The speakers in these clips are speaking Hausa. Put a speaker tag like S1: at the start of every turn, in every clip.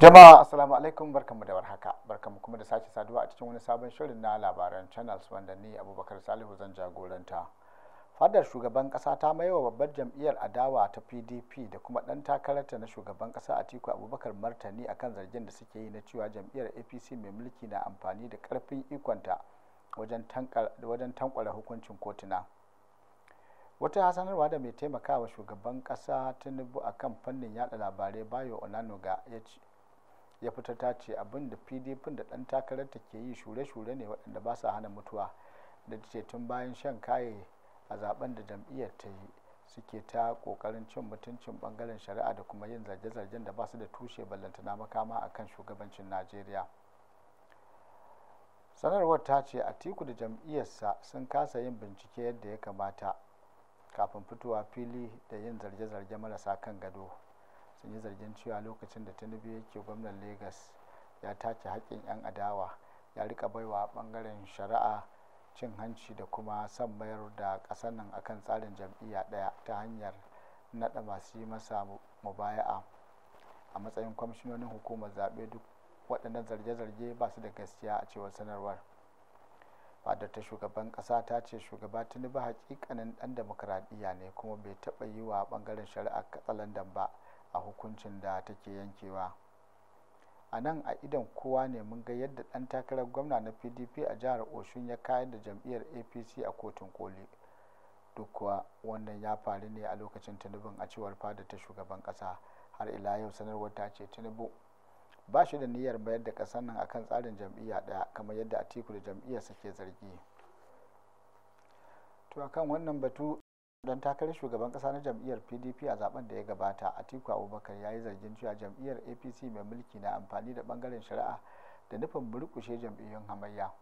S1: jama'a assalamu alaikum barkamu da warhaka barkanmu kuma da sake saduwa a cikin wani sabon shirin na labaran channels wanda ni abubakar salihu zan jagoranta fadar shugaban kasa ta wa babbar jam'iyyar adawa ta pdp da kuma dan takararta na shugaban kasa atiku abubakar martani akan zargin da suke yi na cewa jam'iyyar apc mai mulki na amfani da karfin ikonta wajen tankwara hukuncin kotuna wata sanarwa da mai taimakawa shugaban kasa tinubu akan fannin yada labarai bayo onanuga ya ce ya fita ta ce abin da pdp da ɗan ta ke yi shure-shure ne waɗanda ba sa hana mutuwa da ce tun bayan shan kaye a zaben da jam'iyyar ta yi suke ta kokarin cin mutuncin bangaren shari'a da kuma yin zarge-zargen da ba su da tushe ballantana makama a kan shugabancin najeriya sanarwar ta ce a tiku da jam'iyyarsa sun kasa yin bincike yadda ya kamata kafin fitowa fili da yin zarge-zarge marasa kan gado sun yi zargin cewa lokacin da tinubu yake gwamnan legas ya tace haƙƙin 'yan adawa ya rika baiwa ɓangaren shari'a cin hanci da kuma son mayar da ƙasar nan akan tsarin jam'iyya ɗaya ta hanyar naɗa masu yi masa mubaya'a a matsayin kwamishinonin hukumar zaɓe duk waɗannan zarge-zarge ba su da gaskiya a cewar sanarwar fadar ta shugaban ƙasa ta ce shugaba tinubu hakikanin ɗan demokuraɗiyya ne kuma bai taɓa yi wa ɓangaren shari'a katsalandan ba a hukuncin da take yankewa a nan a idan kowa ne mun ga yadda ɗan takarar gwamna na pdp a jihar oshun ya kayar da jam'iyyar apc a kotun koli duk kuwa wannan ya faru ne a lokacin tinubun a cewar fada ta shugaban ƙasa har ila yau sanarwar ta ce tinubu ba shi da niyyar mayar da ƙasar nan akan tsarin jam'iyya ɗaya kamar yadda atiku da jam'iyyarsa ke zargi to akan wannan batu dan takarar shugaban kasa na jam'iyyar pdp a zaben da ya gabata atiku abubakar ya yi zargin cewa jam'iyyar apc mai mulki na amfani da bangaren shari'a da nufin burkushe jam'iyyun hamayya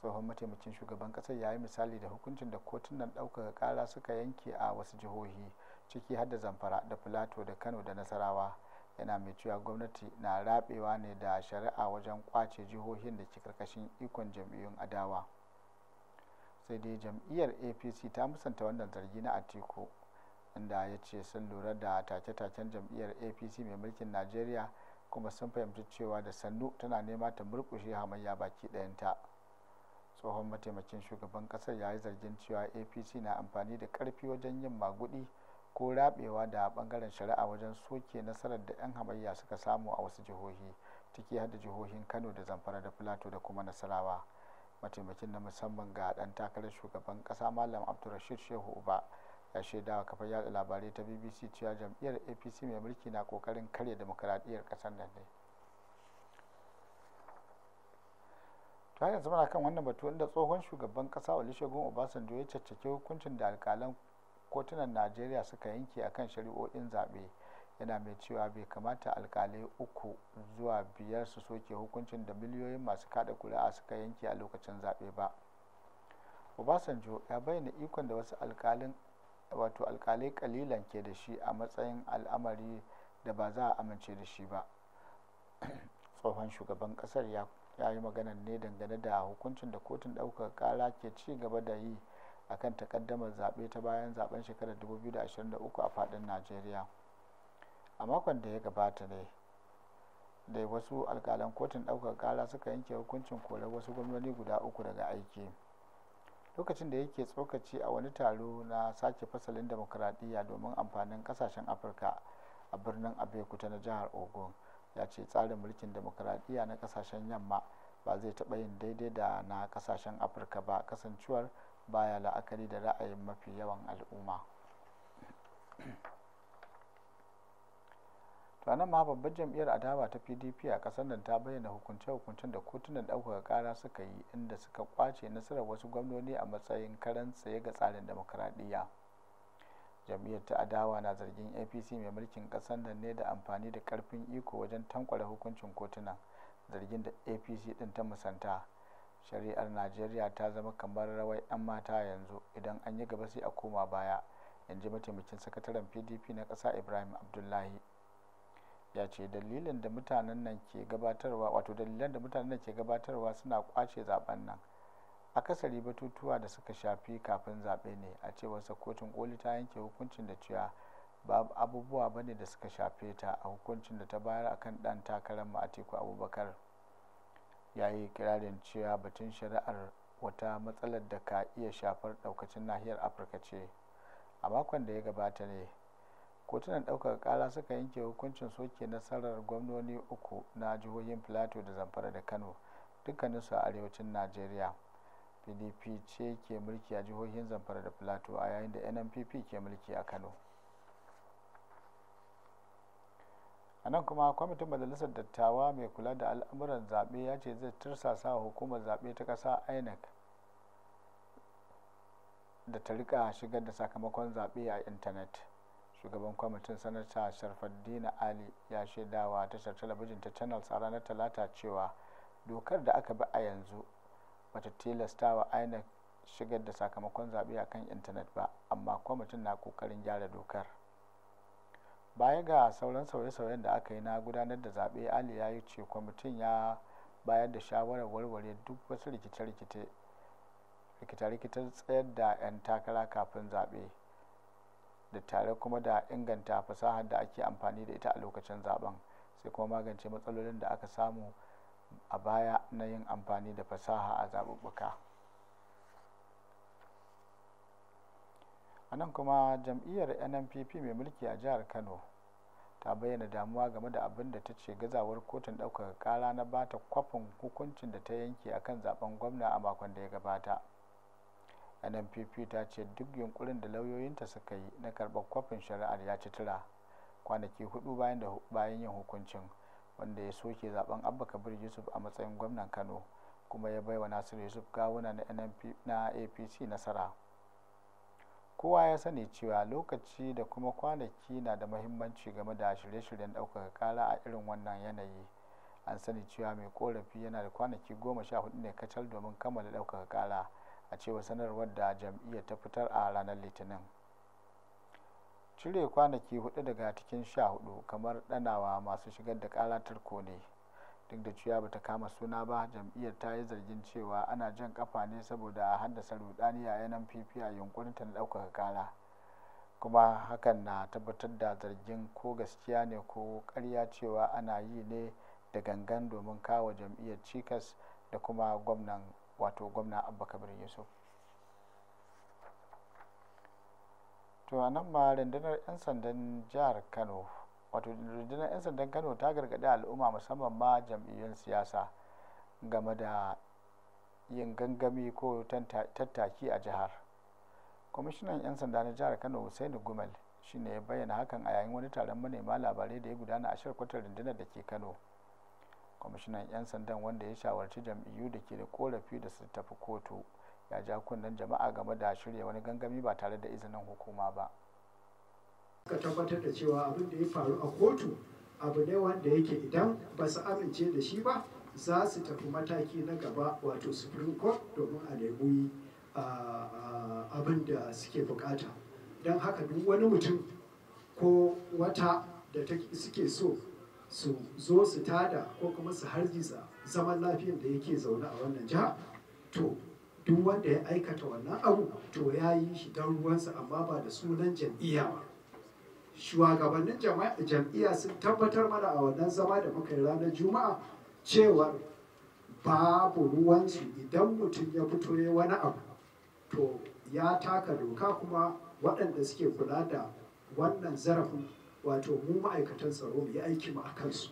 S1: tsohon mataimakin shugaban kasar ya yi misali da hukuncin da kotunan ɗaukaka ƙara suka yanke a wasu jihohi ciki har da zamfara da filato da kano da nasarawa yana mai cewa gwamnati na rabewa ne da shari'a wajen kwace jihohin da ke karkashin ikon jam'iyyun adawa sai dai jam'iyyar apc ta musanta wannan zargi na atiku inda ya ce sun lura da take-taken jam'iyyar apc mai mulkin najeriya kuma sun fahimci cewa da sannu tana nema ta murkushe hamayya baki ɗayanta tsohon mataimakin shugaban kasar ya yi zargin cewa apc na amfani da karfi wajen yin magudi ko rabewa da bangaren shari'a wajen soke nasarar da 'yan hamayya suka samu a wasu jihohi ciki har da jihohin kano da zamfara da plateau da kuma nasarawa. mataimakin na musamman ga dan takarar shugaban kasa malam abdulrashid shehu uba ya shaida wa kafar yada labarai ta bbc cewa jam'iyyar apc mai mulki na kokarin karya demokaradiyyar kasar nan ne ta yanzu muna kan wannan batu inda tsohon shugaban kasa olusegun obasanjo ya caccake hukuncin da alkalan kotunan najeriya suka yanke akan shari'o'in zaɓe yana mai cewa bai kamata alkalai uku zuwa biyar su soke hukuncin da miliyoyin masu kada kuri'a suka yanke a lokacin zaɓe ba obasanjo ya bayyana ikon da wasu alkalin wato alkalai kalilan ke da shi a matsayin al'amari da ba za a amince da shi ba tsohon shugaban kasar ya yi magana ne dangane da hukuncin da kotun ɗaukar kara ke ci gaba da yi akan takaddamar zaɓe ta bayan zaben shekarar 2023 a faɗin najeriya a makon da ya gabata ne da wasu alkalan kotun ɗaukar kara suka yanke hukuncin korar wasu gwamnoni guda uku daga aiki lokacin da yake tsokaci a wani taro na sake fasalin demokuraɗiyya domin amfanin ƙasashen afirka a birnin abekuta na jihar ogun ya ce tsarin mulkin demokuraɗiyya na ƙasashen yamma ba zai taɓa yin daidai da na ƙasashen afirka ba kasancewar baya la'akari da ra'ayin mafi yawan al'umma to ma babbar jam'iyyar adawa ta pdp a kasar nan ta bayyana hukunce-hukuncen da kotunan ɗaukaka kara suka yi inda suka kwace nasarar wasu gwamnoni a matsayin karan tsaye ga tsarin demokuraɗiyya jam'iyyar ta adawa na zargin apc mai mulkin kasar nan ne da amfani da karfin iko wajen tankwara hukuncin kotuna zargin da apc din ta musanta shari'ar najeriya ta zama kamar rawar 'yan mata yanzu idan an yi gaba sai a koma baya in ji mataimakin sakataren pdp na ƙasa ibrahim abdullahi ya ce dalilin da mutanen nan ke gabatarwa wato dalilan da mutanen nan ke gabatarwa suna kwace zaben nan akasari batutuwa da suka shafi kafin zaɓe ne a cewar kotun koli ta yanke hukuncin da cewa ba abubuwa ba ne da suka shafe ta a hukuncin da ta bayar akan dan takarar mu teku abubakar ya yi kirarin cewa batun shari'ar wata matsalar da ka iya shafar daukacin nahiyar afirka ce a makon da ya gabata ne kotunan ɗaukar ƙara suka yanke hukuncin soke nasarar gwamnoni uku na jihohin plateau da zamfara da kano dukkaninsu a arewacin najeriya pdp ce ke mulki a jihohin zamfara da plateau a yayin da nnpp ke mulki a kano a nan kuma kwamitin majalisar dattawa mai kula da al'amuran zaɓe ya ce zai tursasa hukumar zaɓe ta ƙasa inec da ta rika shigar da sakamakon zaɓe a intanet shugaban kwamitin sanata sharfaddina ali ya shaidawa tashar talabijin ta channels a ranar talata cewa dokar da aka bi a yanzu bata tilasta wa inec shigar da sakamakon zaɓe a kan intanet ba amma kwamitin na ƙoƙarin gyara dokar baya ga sauran sauye-sauyen da aka yi na gudanar da zaɓe ali ya yi ce kwamitin ya bayar da shawarar warware duk wasu rikice-rikice tsayar da 'yan takara kafin zaɓe da tare kuma da inganta fasahar da ake amfani da ita a lokacin zaben sai kuma magance matsalolin da aka samu a baya na yin amfani da fasaha a zaɓuɓɓuka a nan kuma jam'iyyar nnpp mai mulki a jihar kano ta bayyana damuwa game da abin da ta ce gazawar kotun ɗaukaka ƙara na bata kwafin hukuncin da ta yanke akan zaben gwamna a makon da ya gabata nnpp ta ce duk yunkurin da lauyoyinta suka yi na karɓar kwafin shari'ar ya ci tura kwanaki hudu bayan yin hukuncin wanda ya soke zaben abba kabir yusuf a matsayin gwamnan kano kuma ya baiwa nasiru yusuf gawuna na apc nasara kowa ya sani cewa lokaci da kuma kwanaki na da mahimmanci game da shirye-shiryen ɗaukaka kara a irin wannan yanayi an sani cewa mai korafi yana da kwanaki goma sha hudu ne kacal domin kammala ɗaukaka kara a cewa sanarwar da jam'iyyar ta fitar a ranar litinin cire kwanaki hudu daga cikin sha hudu kamar danawa masu shigar da karatar kone duk da cewa bata kama suna ba jam'iyyar ta yi zargin cewa ana jan kafa ne saboda a haddasa rudani a fifi a yunkurin ta na ɗaukaka kara kuma hakan na tabbatar da zargin ko gaskiya ne ko karya cewa ana yi ne da gangan domin kawo jam'iyyar cikas da kuma gwamnan wato gwamna abba kabir yusuf to a nan ma rundunar 'yan sandan jihar kano wato rundunar 'yan sandan kano ta gargaɗi al'umma musamman ma jam'iyyun siyasa game da yin gangami ko tattaki a jihar kwamishinan 'yan sanda na jihar kano husaini gumel shine ya bayyana hakan a yayin wani taron manema labarai da ya gudana a shirkwatar rundunar da ke kano kwamishinan 'yan sandan wanda ya shawarci jam'iyyu da ke da korafi da su tafi kotu ya ja kunnen jama'a game da shirya wani gangami ba tare da izinin hukuma ba ka
S2: tabbatar da cewa abin da ya faru a kotu abu ne wanda yake idan ba su amince da shi ba za su tafi mataki na gaba wato supreme court domin a nemi abin da suke bukata don haka duk wani mutum ko wata da suke so su zo su tada ko kuma su harjisa zaman lafiyar da yake zaune a wannan jiha to duk wanda ya aikata wannan abu to ya yi shi don ruwansa amma ba da sunan jam'iyya ba shugabannin jam'iyya sun tabbatar mana a wannan zama da muka yi ranar juma'a cewar babu ruwansu idan mutum ya fito ya wani abu to ya taka doka kuma waɗanda suke kula da wannan zarafin wato mu ma'aikatan tsaro mu yi aiki mu a kansu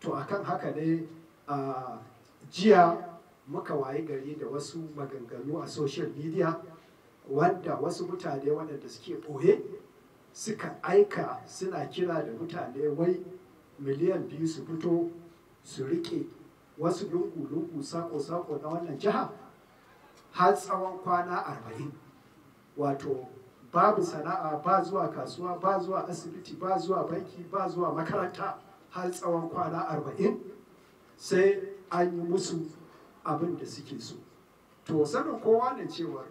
S2: to akan haka ne a jiya muka wayi gari da wasu maganganu a social media wanda wasu mutane waɗanda suke ɓoye suka aika suna kira da mutane wai miliyan biyu su fito su riƙe wasu lungu-lungu sako-sako na wannan jiha har tsawon kwana arba'in wato babu sana'a ba zuwa kasuwa ba zuwa asibiti ba zuwa banki ba zuwa makaranta har tsawon kwana arba'in sai an yi musu abin da suke so to sanin kowa ne cewar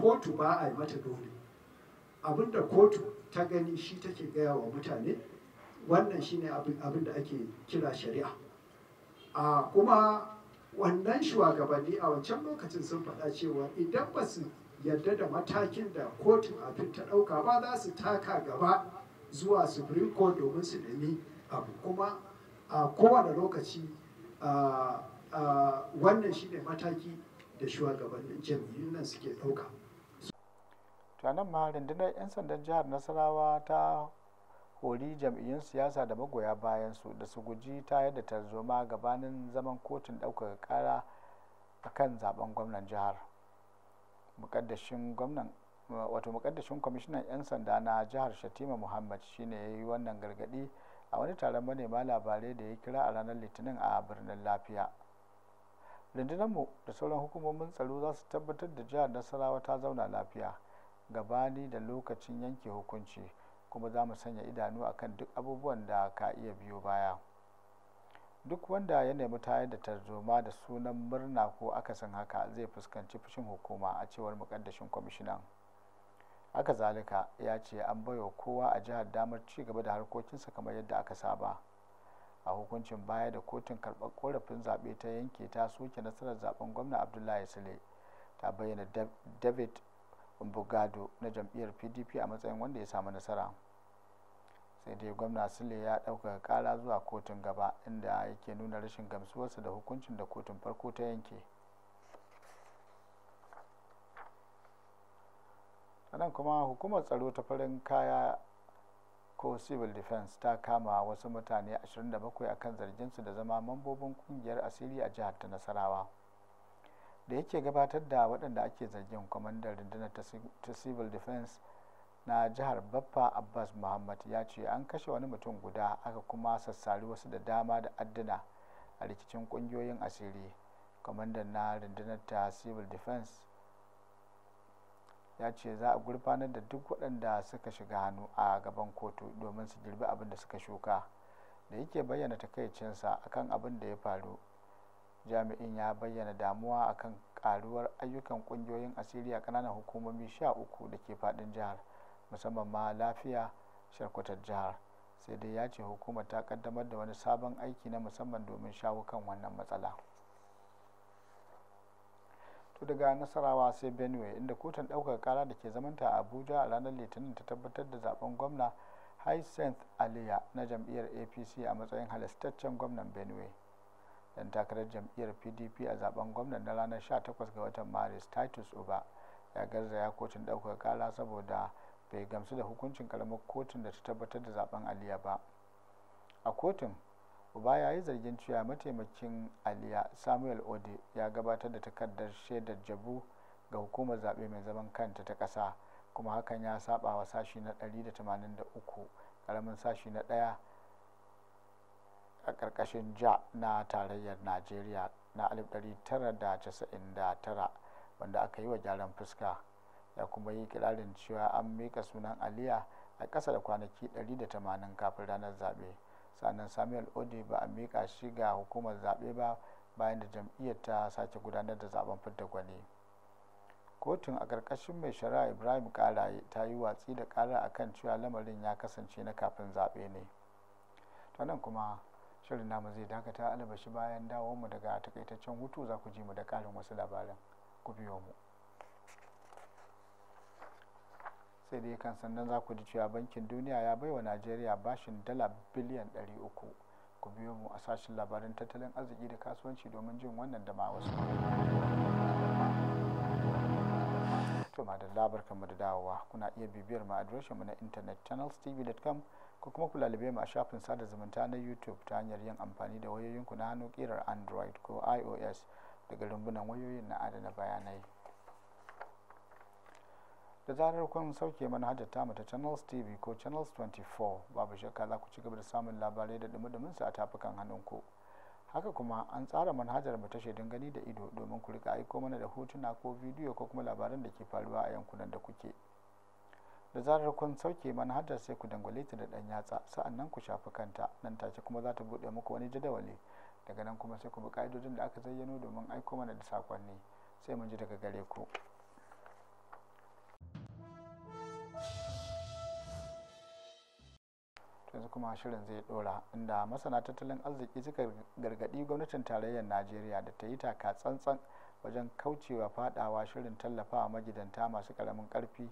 S2: kotu ba a yi mata dole abin da kotu ta gani shi take gaya wa mutane wannan shine abin da ake kira shari'a a kuma wannan shugabanni a wancan lokacin sun faɗa cewa idan ba su yadda da matakin da kotun abin ta ɗauka ba za su taka gaba zuwa supreme court domin su nemi abu kuma a kowane lokaci wannan shine mataki da shugabannin jam'iyyun nan
S1: suke ɗauka. tunanin ma rundunar 'yan sandan jihar nasarawa ta hori jam'iyyun siyasa da magoya bayan su da su guji tayar da tarzoma gabanin zaman kotun ɗaukaka ƙara akan zaben gwamnan jihar. mukaddashin gwamnan wato mukaddashin kwamishinan 'yan sanda na jihar shatima muhammad shine ya yi wannan gargadi a wani taron manema labarai da ya kira a ranar litinin a birnin lafiya rundunarmu da sauran hukumomin tsaro za su tabbatar da jihar nasarawa ta zauna lafiya gabani da lokacin yanke hukunci kuma za mu sanya idanu akan duk abubuwan da ka iya biyo baya. duk wanda ya nemi tayar da tarzoma da sunan murna ko akasin haka zai fuskanci fushin hukuma a cewar mukaddashin kwamishinan haka zalika ya ce an baiwa kowa a jihar damar ci gaba da harkokinsa kamar yadda aka saba a hukuncin baya da kotun karɓar korafin zaɓe ta yanke ta soke nasarar zaben gwamna abdullahi sule ta bayyana david bugado na jam'iyyar pdp a matsayin wanda ya samu nasara sai dai gwamna sule ya ɗaukaka kara zuwa kotun gaba inda yake nuna rashin gamsuwarsa da hukuncin da kotun farko ta yanke nan kuma hukumar tsaro ta farin kaya ko civil defense ta kama wasu mutane 27 akan zarginsu da zama mambobin kungiyar asiri a jihar ta nasarawa da yake gabatar da waɗanda ake zargin kwamandan rundunar ta civil defense na jihar baffa abbas muhammad ya ce an kashe wani mutum guda aka kuma sassari wasu da dama da adduna a rikicin kungiyoyin asiri kwamandan na rundunar ta civil defense ya ce za a gurfanar da duk waɗanda suka shiga hannu a gaban kotu domin su girbi abin da suka shuka da yake bayyana takaicinsa akan abin da ya faru jami'in ya bayyana damuwa akan karuwar ayyukan kungiyoyin asiri a ƙananan hukumomi sha uku da ke faɗin jihar musamman ma lafiya sharkwatar jihar sai dai ya ce hukumar ta kaddamar da wani sabon aiki na musamman domin shawo kan wannan matsala to daga nasarawa sai benue inda kotun ɗaukar kara da ke zamanta a abuja a ranar litinin ta tabbatar da zaben gwamna hyacinth aliya na jam'iyyar apc a matsayin halastaccen gwamnan benue dan takarar jam'iyyar pdp a zaben gwamnan na ranar 18 ga watan maris titus uba ya garzaya kotun ɗaukar kara saboda bai gamsu da hukuncin karamar kotun da ta tabbatar da zaben aliya ba a kotun uba ya yi zargin cewa mataimakin aliya samuel ode ya gabatar da takardar shaidar jabu ga hukumar zaɓe mai zaman kanta ta ƙasa kuma hakan ya saba wa sashi na 183 ƙaramin sashi na ɗaya a ƙarƙashin ja na tarayyar najeriya na 1999 wanda aka yi wa gyaran fuska ya kuma yi kirarin cewa an mika sunan aliya a ƙasa da kwanaki 180 kafin ranar zaɓe sannan samuel ode ba a mika shi ga hukumar zaɓe ba bayan da jam'iyyar ta sake gudanar da zaben fidda gwani kotun a ƙarƙashin mai shari'a ibrahim kara ta yi watsi da ƙara kan cewa lamarin ya kasance na kafin zaɓe ne to kuma shirin namu zai dakata albashi bayan dawo mu daga takaitaccen hutu za ku ji mu da ƙarin wasu labaran ku biyo mu sai dai kan sandan za ku ji cewa bankin duniya ya bai wa najeriya bashin dala biliyan 300 ku biyo mu a sashen labarin tattalin arziki da kasuwanci domin jin wannan da ma wasu to ma da labar kamar da dawowa kuna iya bibiyar ma adireshin mu na intanet channelstv.com ko kuma ku lalube mu a shafin sada zumunta na youtube ta hanyar yin amfani da wayoyinku na hannu kirar android ko ios daga rumbunan wayoyin na adana bayanai da zarar kun sauke manhajar tamu ta channels tv ko channels 24 babu shakka za ku ci gaba da samun labarai da dumi su a tafukan hannun hannunku haka kuma an tsara manhajar mu ta shaidun gani da ido domin ku rika aiko mana da hotuna ko bidiyo ko kuma labaran da ke faruwa a yankunan da kuke da zarar kun sauke manhajar sai ku dangwale ta da dan yatsa sa'annan ku shafi kanta nan take kuma za ta buɗe muku wani jadawali daga nan kuma sai ku bi ka'idodin da aka zayyano domin aiko mana da sakonni sai mun ji daga gare ku kuma shirin zai dora inda masana tattalin arziki suka gargadi gwamnatin tarayyar najeriya da ta yi taka tsantsan wajen kaucewa fadawa shirin tallafa a magidanta masu karamin karfi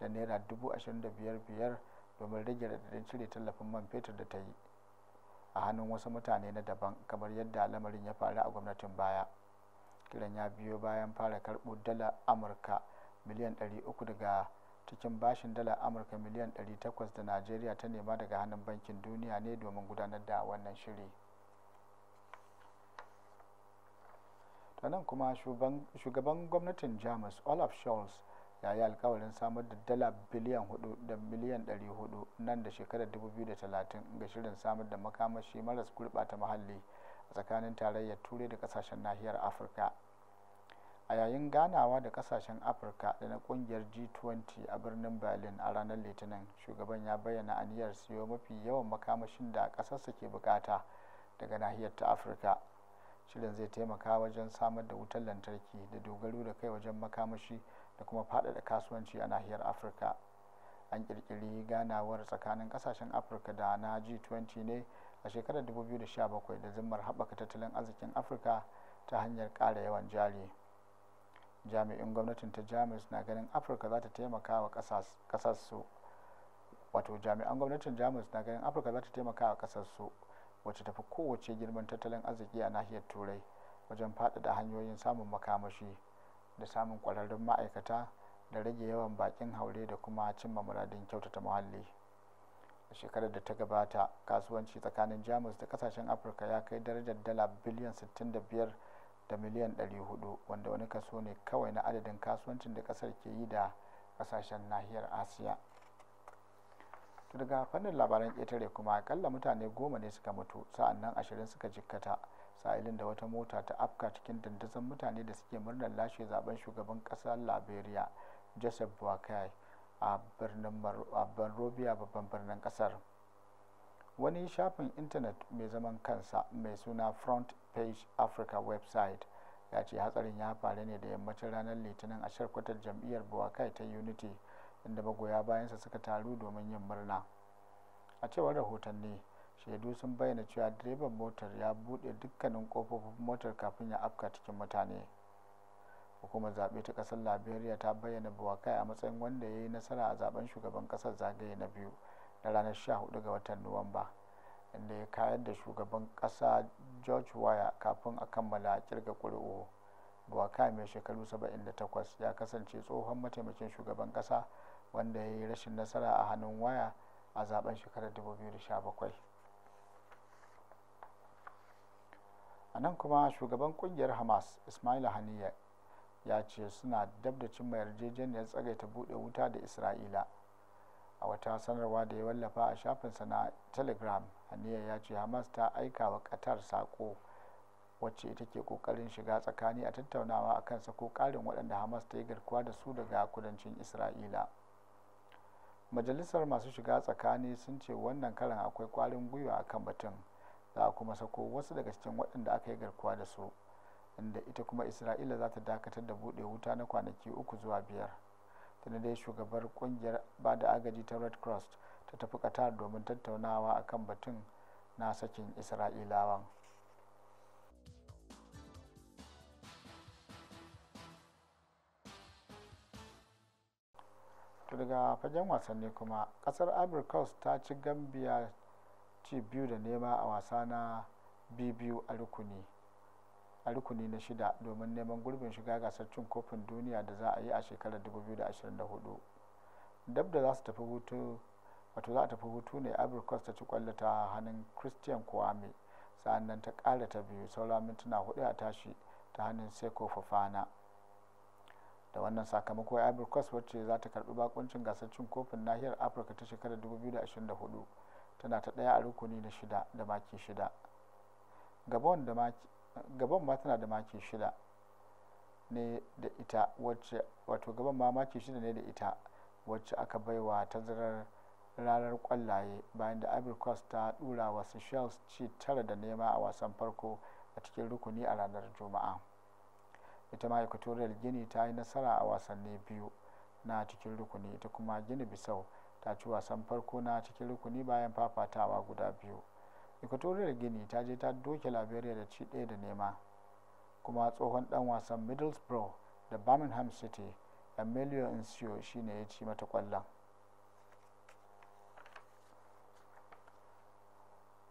S1: da naira dubu ashirin da biyar biyar domin rage radadin cire tallafin man fetur da ta yi a hannun wasu mutane na daban kamar yadda lamarin ya faru a gwamnatin baya kiran ya biyo bayan fara karɓo dala amurka miliyan uku daga cikin bashin dalar amurka miliyan 800 da najeriya ta nema daga hannun bankin duniya ne domin gudanar da wannan shiri nan kuma shugaban gwamnatin jamus olaf scholz ya yi alkawarin samar da dala biliyan 4 da miliyan 400 nan da shekarar 2030 ga shirin samar da makamashi maras gurɓata muhalli a tsakanin tarayyar turai da kasashen nahiyar afirka a yayin ganawa da kasashen afirka da na kungiyar g20 a birnin berlin a ranar litinin shugaban ya bayyana aniyar siyo mafi yawan makamashin da kasarsa ke bukata daga nahiyar ta afirka shirin zai taimaka wajen samar da wutar lantarki da dogaro da kai wajen makamashi da kuma faɗaɗa kasuwanci a nahiyar afirka an ƙirƙiri ganawar tsakanin kasashen afirka da na g20 ne a shekarar 2017 da zimmar haɓaka tattalin arzikin afirka ta hanyar ƙara yawan jari jami'in gwamnatin ta jamus na ganin afirka za ta taimaka wa kasarsu wato jami'an gwamnatin jamus na ganin afirka za ta taimaka wa kasarsu wacce tafi kowace girman tattalin arziki a nahiyar turai wajen faɗaɗa hanyoyin samun makamashi da samun ƙwararrun ma'aikata da rage yawan bakin haure da kuma cimma muradin kyautata muhalli a shekarar da ta gabata kasuwanci tsakanin jamus da kasashen afirka ya kai darajar dala biliyan 65 da miliyan 400 wanda wani kaso ne kawai na adadin kasuwancin da kasar ke yi da kasashen nahiyar asiya to daga fannin labaran ƙetare kuma akalla mutane goma ne suka mutu sa'an nan ashirin suka jikkata sa'ilin da wata mota ta afka cikin dandazon mutane da suke murnar lashe zaben shugaban ƙasar liberia joseph boakai a birnin babban birnin ƙasar wani shafin intanet mai zaman kansa mai suna front page africa website ya ce hatsarin ya faru ne da yammacin ranar litinin a sharkwatar jam'iyyar buwakai ta unity inda magoya bayansa suka taru domin yin murna a cewar rahotanni shaidu sun bayyana cewa direban motar ya buɗe dukkanin kofofin motar kafin ya afka cikin mutane hukumar zaɓe ta ƙasar liberia ta bayyana buwakai a matsayin wanda ya yi nasara a zaɓen shugaban ƙasar zagaye na biyu na ranar 14 ga watan nuwamba inda ya kayar da shugaban kasa george waya kafin a kammala kirga kuri'u buwaka mai shekaru 78 ya kasance tsohon mataimakin shugaban kasa wanda ya yi rashin nasara a hannun waya a zaben shekarar 2017 a nan kuma shugaban kungiyar hamas ismail haniya ya ce suna dab da cimma yarjejeniyar tsagaita bude wuta da isra'ila a wata sanarwa da ya wallafa a shafinsa na telegram haniya ya ce hamas ta aika wa qatar sako wacce ita ke kokarin shiga tsakani a tattaunawa a kan sako karin waɗanda hamas ta yi garkuwa da su daga kudancin isra'ila majalisar masu shiga tsakani sun ce wannan karan akwai kwarin gwiwa a kan batun za a kuma sako wasu daga cikin waɗanda aka yi garkuwa da su inda ita kuma isra'ila za ta dakatar da buɗe wuta na kwanaki uku zuwa biyar da na dai shugabar kungiyar ba da agaji ta red cross ta tafi qatar domin tattaunawa akan batun na sakin isra'ilawan daga fagen wasanni kuma kasar ivory coast ta ci gambia ci biyu da nema a wasa na biyu a rukuni a rukuni na shida domin neman gurbin shiga gasar cin kofin duniya da za a yi a shekarar 2024 dab da za su tafi hutu wato za a tafi hutu ne abrikos ta ci kwallo ta hannun christian kwame sa'annan ta kara ta biyu saura mintuna hudu a tashi ta hannun seko fofana da wannan sakamako abrikos wacce za ta karbi bakuncin gasar cin kofin nahiyar afirka ta shekarar 2024 tana ta daya a rukuni na shida da maki shida gabon da maki gaban ma tana da maki shida ne da ita wacce wato gaban ma maki shida ne da ita wacce aka baiwa tazarar ranar kwallaye bayan da ivory ta dura wasu shells ci tara da nema a wasan farko a cikin rukuni a ranar juma'a ita ma equatorial guinea ta yi nasara a wasanni biyu na cikin rukuni ita kuma guinea bissau ta ci wasan farko na cikin rukuni bayan fafatawa guda biyu equatorial guinea ta je ta doke liberia da ci ɗaya da nema kuma tsohon dan wasan middlesbrough da birmingham city emilio incio shine ya ci mata kwallon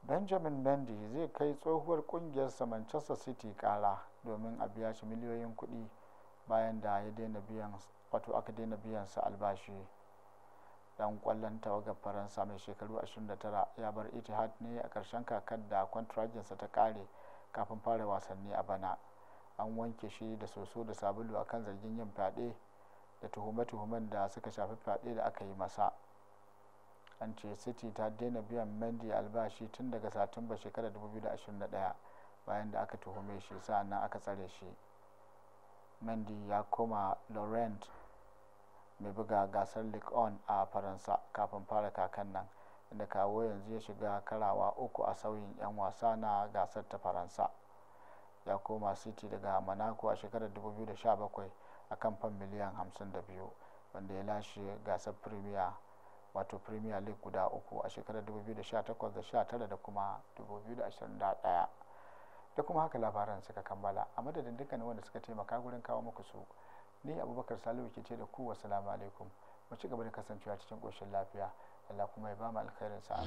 S1: benjamin mendy zai kai tsohuwar kungiyarsa manchester city kara domin a biya shi miliyoyin kudi bayan da ya daina biyan wato aka daina biyan sa albashi dan kwallon tawagar faransa mai shekaru 29 ya bar itihad ne a karshen kakar da kwantraginsa ta kare kafin fara wasanni a bana an wanke shi da soso da sabulu a kan zargin yin fyaɗe da tuhume-tuhumen da suka shafi fyaɗe da aka yi masa an ce city ta daina biyan mendy albashi tun daga satumba shekarar 2021 bayan da aka tuhume shi sa'annan aka tsare shi mendy ya koma laurent mai buga gasar league on a faransa kafin fara kakan nan inda kawo yanzu ya shiga karawa uku a sauyin 'yan wasa na gasar ta faransa ya koma city daga monaco a shekarar 2017 a kan fan miliyan 52 wanda ya lashe gasar premier wato premier league guda uku a shekarar 2018 da da kuma 2021 da kuma haka labaran suka kammala a madadin dukkanin wanda suka taimaka gurin kawo muku su ni abubakar salihu ke ce da ku wasalamu alaikum mu ci gaba da kasancewa cikin ƙoshin lafiya Allah kuma ya ba mu alkhairin sa'a